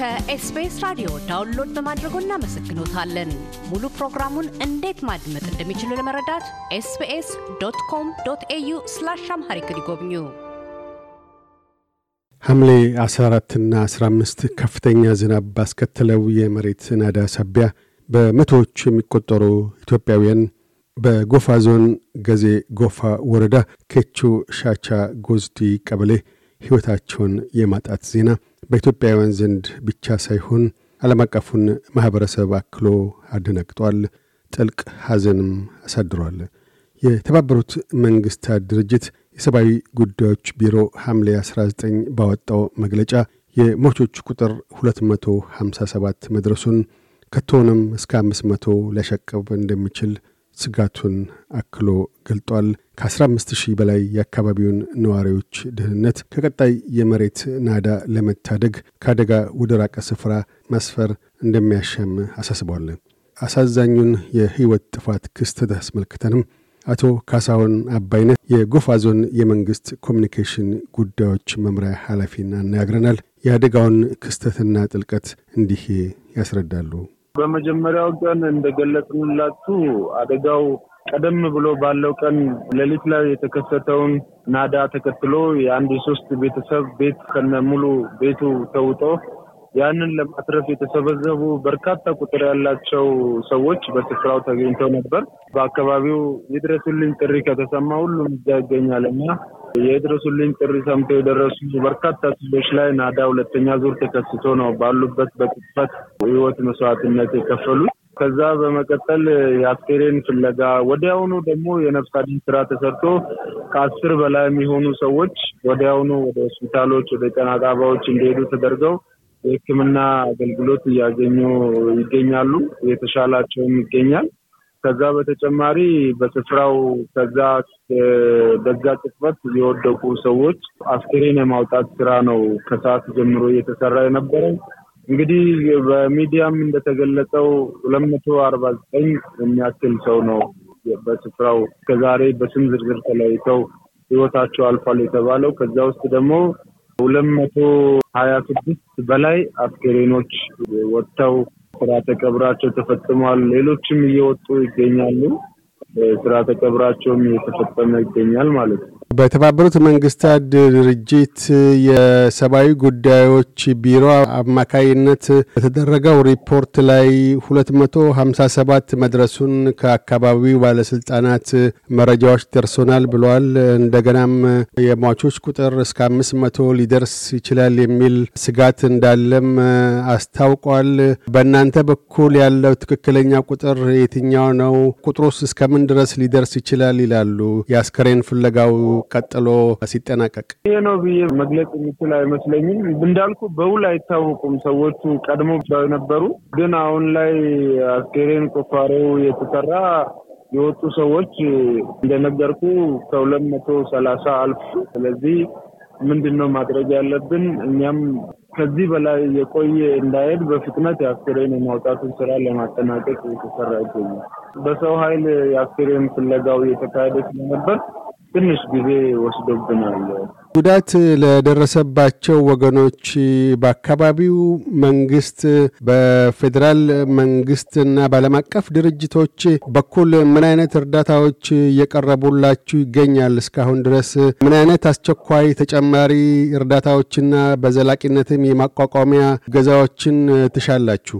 ከኤስቢኤስ ራዲዮ ዳውንሎድ በማድረጎ እናመሰግኖታለን። ሙሉ ፕሮግራሙን እንዴት ማድመጥ እንደሚችሉ ለመረዳት ኤስቢኤስ ዶት ኮም ዶት ኤዩ ስላሽ አምሃሪክ ይጎብኙ። ሐምሌ 14ና 15 ከፍተኛ ዝናብ ባስከተለው የመሬት ናዳ ሳቢያ በመቶዎች የሚቆጠሩ ኢትዮጵያውያን በጎፋ ዞን ገዜ ጎፋ ወረዳ ኬቹ ሻቻ ጎዝዲ ቀበሌ ሕይወታቸውን የማጣት ዜና በኢትዮጵያውያን ዘንድ ብቻ ሳይሆን ዓለም አቀፉን ማኅበረሰብ አክሎ አደናግጧል። ጥልቅ ሐዘንም አሳድሯል። የተባበሩት መንግሥታት ድርጅት የሰብአዊ ጉዳዮች ቢሮ ሐምሌ 19 ባወጣው መግለጫ የሞቾች ቁጥር 257 መድረሱን ከቶውንም እስከ 500 ሊያሻቅብ እንደሚችል ስጋቱን አክሎ ገልጧል። ከ15 ሺህ በላይ የአካባቢውን ነዋሪዎች ደህንነት ከቀጣይ የመሬት ናዳ ለመታደግ ከአደጋ ወደ ራቀ ስፍራ ማስፈር እንደሚያሻም አሳስቧል። አሳዛኙን የህይወት ጥፋት ክስተት አስመልክተንም አቶ ካሳሁን አባይነት የጎፋ ዞን የመንግስት ኮሚኒኬሽን ጉዳዮች መምሪያ ኃላፊን አነጋግረናል። የአደጋውን ክስተትና ጥልቀት እንዲህ ያስረዳሉ። በመጀመሪያው ቀን እንደገለጽንላችሁ አደጋው ቀደም ብሎ ባለው ቀን ሌሊት ላይ የተከሰተውን ናዳ ተከትሎ የአንድ የሶስት ቤተሰብ ቤት ከነ ሙሉ ቤቱ ተውጦ ያንን ለማትረፍ የተሰበሰቡ በርካታ ቁጥር ያላቸው ሰዎች በስፍራው ተገኝተው ነበር። በአካባቢው የድረሱልኝ ጥሪ ከተሰማ ሁሉም እዛ ይገኛል እና የድረሱልኝ ጥሪ ሰምተው የደረሱ በርካታ ሰዎች ላይ ናዳ ሁለተኛ ዙር ተከስቶ ነው ባሉበት በቅጽበት ህይወት መስዋዕትነት የከፈሉት። ከዛ በመቀጠል የአስከሬን ፍለጋ ወዲያውኑ ደግሞ የነፍስ አድን ስራ ተሰርቶ ከአስር በላይ የሚሆኑ ሰዎች ወዲያውኑ ወደ ሆስፒታሎች፣ ወደ ጤና ጣቢያዎች እንዲሄዱ ተደርገው የሕክምና አገልግሎት እያገኙ ይገኛሉ። የተሻላቸውም ይገኛል። ከዛ በተጨማሪ በስፍራው ከዛ በዛ ቅጽበት የወደቁ ሰዎች አስክሬን የማውጣት ስራ ነው ከሰዓት ጀምሮ እየተሰራ የነበረው። እንግዲህ በሚዲያም እንደተገለጸው ሁለት መቶ አርባ ዘጠኝ የሚያክል ሰው ነው በስፍራው ከዛሬ በስም ዝርዝር ተለይተው ህይወታቸው አልፏል የተባለው ከዛ ውስጥ ደግሞ ሁለት መቶ ሀያ ስድስት በላይ አስከሬኖች ወጥተው ስርዓተ ቀብራቸው ተፈጽሟል። ሌሎችም እየወጡ ይገኛሉ። ስርዓተ ቀብራቸውም እየተፈጸመ ይገኛል ማለት ነው። በተባበሩት መንግስታት ድርጅት የሰብአዊ ጉዳዮች ቢሮ አማካይነት በተደረገው ሪፖርት ላይ 257 መድረሱን ከአካባቢው ባለስልጣናት መረጃዎች ደርሶናል ብለዋል። እንደገናም የሟቾች ቁጥር እስከ 500 ሊደርስ ይችላል የሚል ስጋት እንዳለም አስታውቋል። በእናንተ በኩል ያለው ትክክለኛ ቁጥር የትኛው ነው? ቁጥሩስ እስከምን ድረስ ሊደርስ ይችላል ይላሉ የአስከሬን ፍለጋው ቀጥሎ ሲጠናቀቅ? ይህ ነው ብዬ መግለጽ የሚችል አይመስለኝም። እንዳልኩ በውል አይታወቁም ሰዎቹ ቀድሞ በነበሩ ግን አሁን ላይ አስከሬን ቁፋሬው የተሰራ የወጡ ሰዎች እንደነገርኩ ከሁለት መቶ ሰላሳ አልፉ። ስለዚህ ምንድን ነው ማድረግ ያለብን? እኛም ከዚህ በላይ የቆየ እንዳይሄድ በፍጥነት የአስክሬን የማውጣቱን ስራ ለማጠናቀቅ የተሰራ ይገኛል። በሰው ኃይል የአስክሬን ፍለጋው እየተካሄደ ስለነበር ትንሽ ጊዜ ወስዶብናል። ጉዳት ለደረሰባቸው ወገኖች በአካባቢው መንግስት፣ በፌዴራል መንግስት እና በዓለም አቀፍ ድርጅቶች በኩል ምን አይነት እርዳታዎች እየቀረቡላችሁ ይገኛል? እስካሁን ድረስ ምን አይነት አስቸኳይ ተጨማሪ እርዳታዎችና በዘላቂነትም የማቋቋሚያ ገዛዎችን ትሻላችሁ?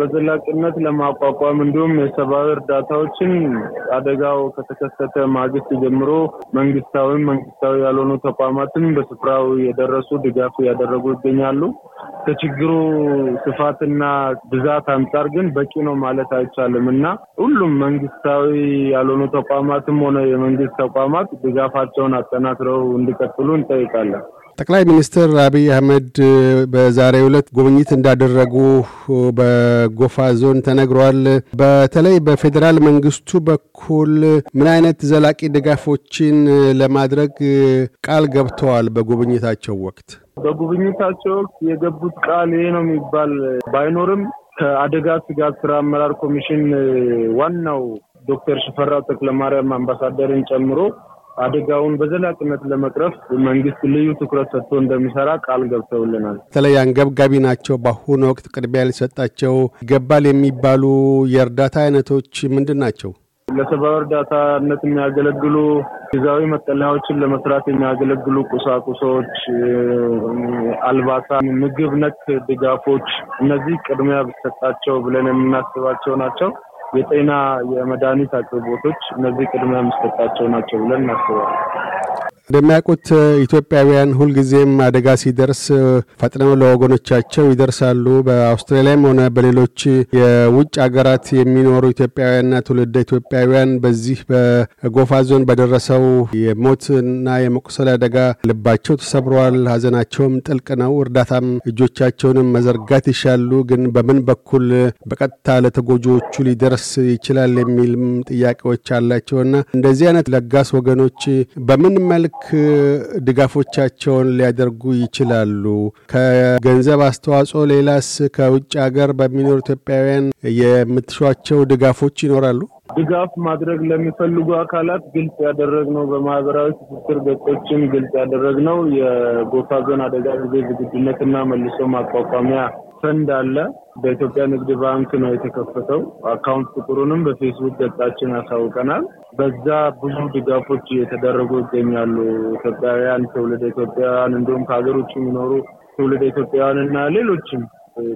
በዘላቂነት ለማቋቋም እንዲሁም የሰብአዊ እርዳታዎችን አደጋው ከተከሰተ ማግስት ጀምሮ መንግስታዊም መንግስታዊ ያልሆኑ ተቋማትም በስፍራው የደረሱ ድጋፍ እያደረጉ ይገኛሉ። ከችግሩ ስፋትና ብዛት አንጻር ግን በቂ ነው ማለት አይቻልም እና ሁሉም መንግስታዊ ያልሆኑ ተቋማትም ሆነ የመንግስት ተቋማት ድጋፋቸውን አጠናክረው እንዲቀጥሉ እንጠይቃለን። ጠቅላይ ሚኒስትር አብይ አህመድ በዛሬ ዕለት ጉብኝት እንዳደረጉ በጎፋ ዞን ተነግሯል። በተለይ በፌዴራል መንግስቱ በኩል ምን አይነት ዘላቂ ድጋፎችን ለማድረግ ቃል ገብተዋል? በጉብኝታቸው ወቅት በጉብኝታቸው ወቅት የገቡት ቃል ይሄ ነው የሚባል ባይኖርም ከአደጋ ስጋት ስራ አመራር ኮሚሽን ዋናው ዶክተር ሽፈራው ተክለማርያም አምባሳደርን ጨምሮ አደጋውን በዘላቂነት ለመቅረፍ መንግስት ልዩ ትኩረት ሰጥቶ እንደሚሰራ ቃል ገብተውልናል። በተለይ አንገብጋቢ ናቸው በአሁኑ ወቅት ቅድሚያ ሊሰጣቸው ይገባል የሚባሉ የእርዳታ አይነቶች ምንድን ናቸው? ለሰብአዊ እርዳታነት የሚያገለግሉ ጊዜያዊ መጠለያዎችን ለመስራት የሚያገለግሉ ቁሳቁሶች፣ አልባሳት፣ ምግብ ነክ ድጋፎች እነዚህ ቅድሚያ ቢሰጣቸው ብለን የምናስባቸው ናቸው። የጤና የመድኃኒት አቅርቦቶች እነዚህ ቅድሚያ የሚሰጣቸው ናቸው ብለን እናስባለን። እንደሚያውቁት ኢትዮጵያውያን ሁልጊዜም አደጋ ሲደርስ ፈጥነው ለወገኖቻቸው ይደርሳሉ። በአውስትራሊያም ሆነ በሌሎች የውጭ ሀገራት የሚኖሩ ኢትዮጵያውያንና ትውልደ ኢትዮጵያውያን በዚህ በጎፋ ዞን በደረሰው የሞትና የመቁሰል አደጋ ልባቸው ተሰብረዋል ሀዘናቸውም ጥልቅ ነው። እርዳታም እጆቻቸውንም መዘርጋት ይሻሉ። ግን በምን በኩል በቀጥታ ለተጎጂዎቹ ሊደርስ ይችላል የሚልም ጥያቄዎች አላቸውና እንደዚህ አይነት ለጋስ ወገኖች በምን መልክ መልክ ድጋፎቻቸውን ሊያደርጉ ይችላሉ? ከገንዘብ አስተዋጽኦ ሌላስ ከውጭ ሀገር በሚኖሩ ኢትዮጵያውያን የምትሿቸው ድጋፎች ይኖራሉ? ድጋፍ ማድረግ ለሚፈልጉ አካላት ግልጽ ያደረግነው በማህበራዊ ትስስር ገጾችም ግልጽ ያደረግነው የጎፋ ዞን አደጋ ጊዜ ዝግጁነትና መልሶ ማቋቋሚያ ፈንድ አለ። በኢትዮጵያ ንግድ ባንክ ነው የተከፈተው። አካውንት ቁጥሩንም በፌስቡክ ገጻችን ያሳውቀናል። በዛ ብዙ ድጋፎች እየተደረጉ ይገኛሉ። ኢትዮጵያውያን፣ ትውልደ ኢትዮጵያውያን እንዲሁም ከሀገር ውጭ የሚኖሩ ትውልደ ኢትዮጵያውያን እና ሌሎችም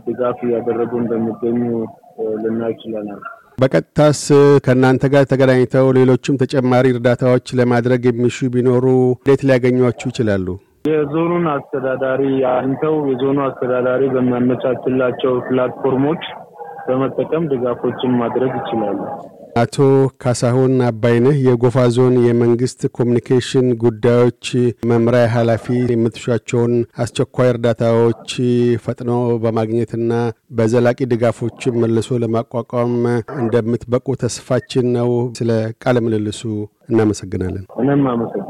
ድጋፍ እያደረጉ እንደሚገኙ ልናይ ችለናል። በቀጥታስ ከእናንተ ጋር ተገናኝተው ሌሎችም ተጨማሪ እርዳታዎች ለማድረግ የሚሹ ቢኖሩ እንዴት ሊያገኟችሁ ይችላሉ? የዞኑን አስተዳዳሪ አንተው የዞኑ አስተዳዳሪ በሚያመቻችላቸው ፕላትፎርሞች በመጠቀም ድጋፎችን ማድረግ ይችላሉ። አቶ ካሳሁን አባይነህ የጎፋ ዞን የመንግስት ኮሚኒኬሽን ጉዳዮች መምሪያ ኃላፊ፣ የምትሻቸውን አስቸኳይ እርዳታዎች ፈጥኖ በማግኘትና በዘላቂ ድጋፎችን መልሶ ለማቋቋም እንደምትበቁ ተስፋችን ነው። ስለ ቃለ ምልልሱ እናመሰግናለን። እኔም አመሰግናለሁ።